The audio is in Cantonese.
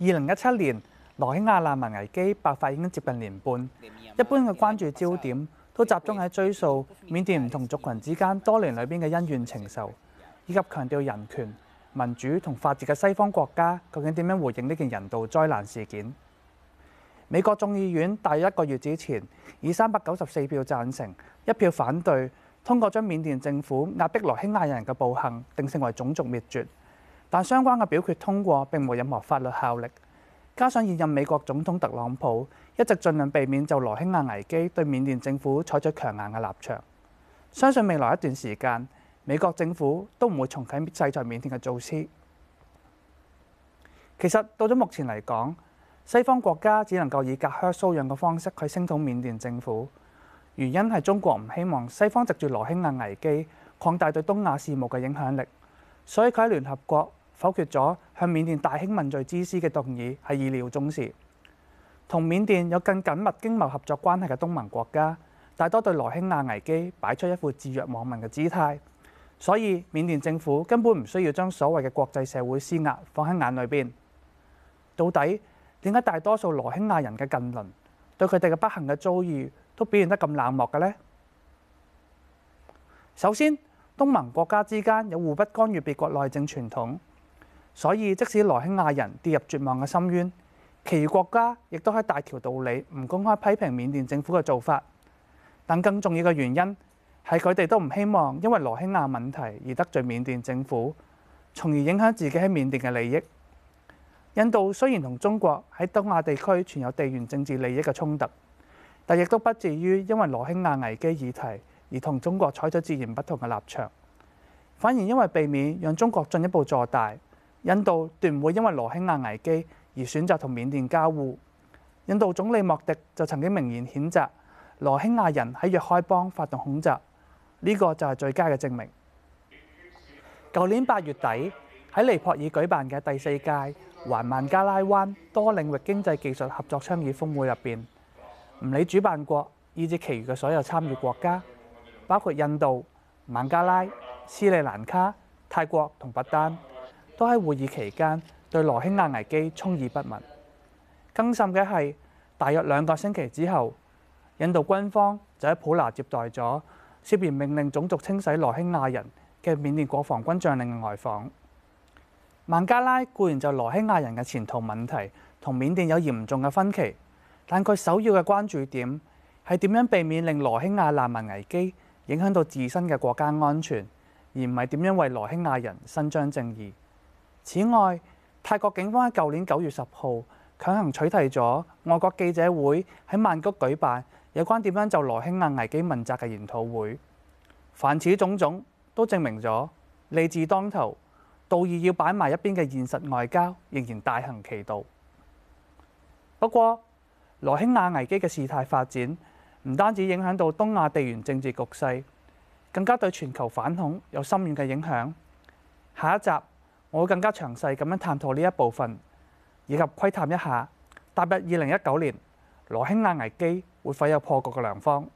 二零一七年羅興亞難民危機爆發已經接近年半，一般嘅關注焦點都集中喺追溯緬甸唔同族群之間多年裏邊嘅恩怨情仇，以及強調人權、民主同法治嘅西方國家究竟點樣回應呢件人道災難事件？美國眾議院大約一個月之前，以三百九十四票贊成、一票反對通過將緬甸政府壓迫羅興亞人嘅暴行定性為種族滅絕。但相關嘅表決通過並無任何法律效力。加上現任美國總統特朗普一直盡量避免就羅興亞危機對緬甸政府採取強硬嘅立場，相信未來一段時間美國政府都唔會重啟制裁緬甸嘅措施。其實到咗目前嚟講，西方國家只能夠以隔靴搔癢嘅方式去聲討緬甸政府，原因係中國唔希望西方藉住羅興亞危機擴大對東亞事務嘅影響力，所以佢喺聯合國，否決咗向緬甸大興問罪之師嘅動議係意料中事。同緬甸有更緊密經貿合作關係嘅東盟國家大多對羅興亞危機擺出一副自若罔聞嘅姿態，所以緬甸政府根本唔需要將所謂嘅國際社會施壓放喺眼裏邊。到底點解大多數羅興亞人嘅近鄰對佢哋嘅不幸嘅遭遇都表現得咁冷漠嘅呢？首先，東盟國家之間有互不干預別國內政傳統。所以，即使羅興亞人跌入絕望嘅深淵，其餘國家亦都喺大條道理唔公開批評緬甸政府嘅做法。但更重要嘅原因係佢哋都唔希望因為羅興亞問題而得罪緬甸政府，從而影響自己喺緬甸嘅利益。印度雖然同中國喺東亞地區存有地緣政治利益嘅衝突，但亦都不至於因為羅興亞危機議題而同中國採取截然不同嘅立場，反而因為避免讓中國進一步坐大。印度斷唔會因為羅興亞危機而選擇同緬甸交惡。印度總理莫迪就曾經明言譴責羅興亞人喺若開邦發動恐襲，呢個就係最佳嘅證明。舊年八月底喺尼泊爾舉辦嘅第四屆環孟加拉灣多領域經濟技術合作倡議峰會入面，唔理主辦國以至其餘嘅所有參與國家，包括印度、孟加拉、斯里蘭卡、泰國同不丹，都喺會議期間對羅興亞危機充耳不聞。更甚嘅係，大約兩個星期之後，印度軍方就喺普拿接待咗涉嫌命令種族清洗羅興亞人嘅緬甸國防軍將領外訪。孟加拉固然就羅興亞人嘅前途問題同緬甸有嚴重嘅分歧，但佢首要嘅關注點係點樣避免令羅興亞難民危機影響到自身嘅國家安全，而唔係點樣為羅興亞人伸張正義。此外，泰國警方喺舊年九月十號強行取締咗外國記者會喺曼谷舉辦有關點樣就羅興亞危機問責嘅研討會。凡此種種都證明咗利字當頭，道義要擺埋一邊嘅現實外交仍然大行其道。不過，羅興亞危機嘅事態發展唔單止影響到東亞地緣政治局勢，更加對全球反恐有深遠嘅影響。下一集，我會更加詳細咁樣探討呢一部分，以及窺探一下踏入二零一九年羅興亞危機會否有破局嘅良方。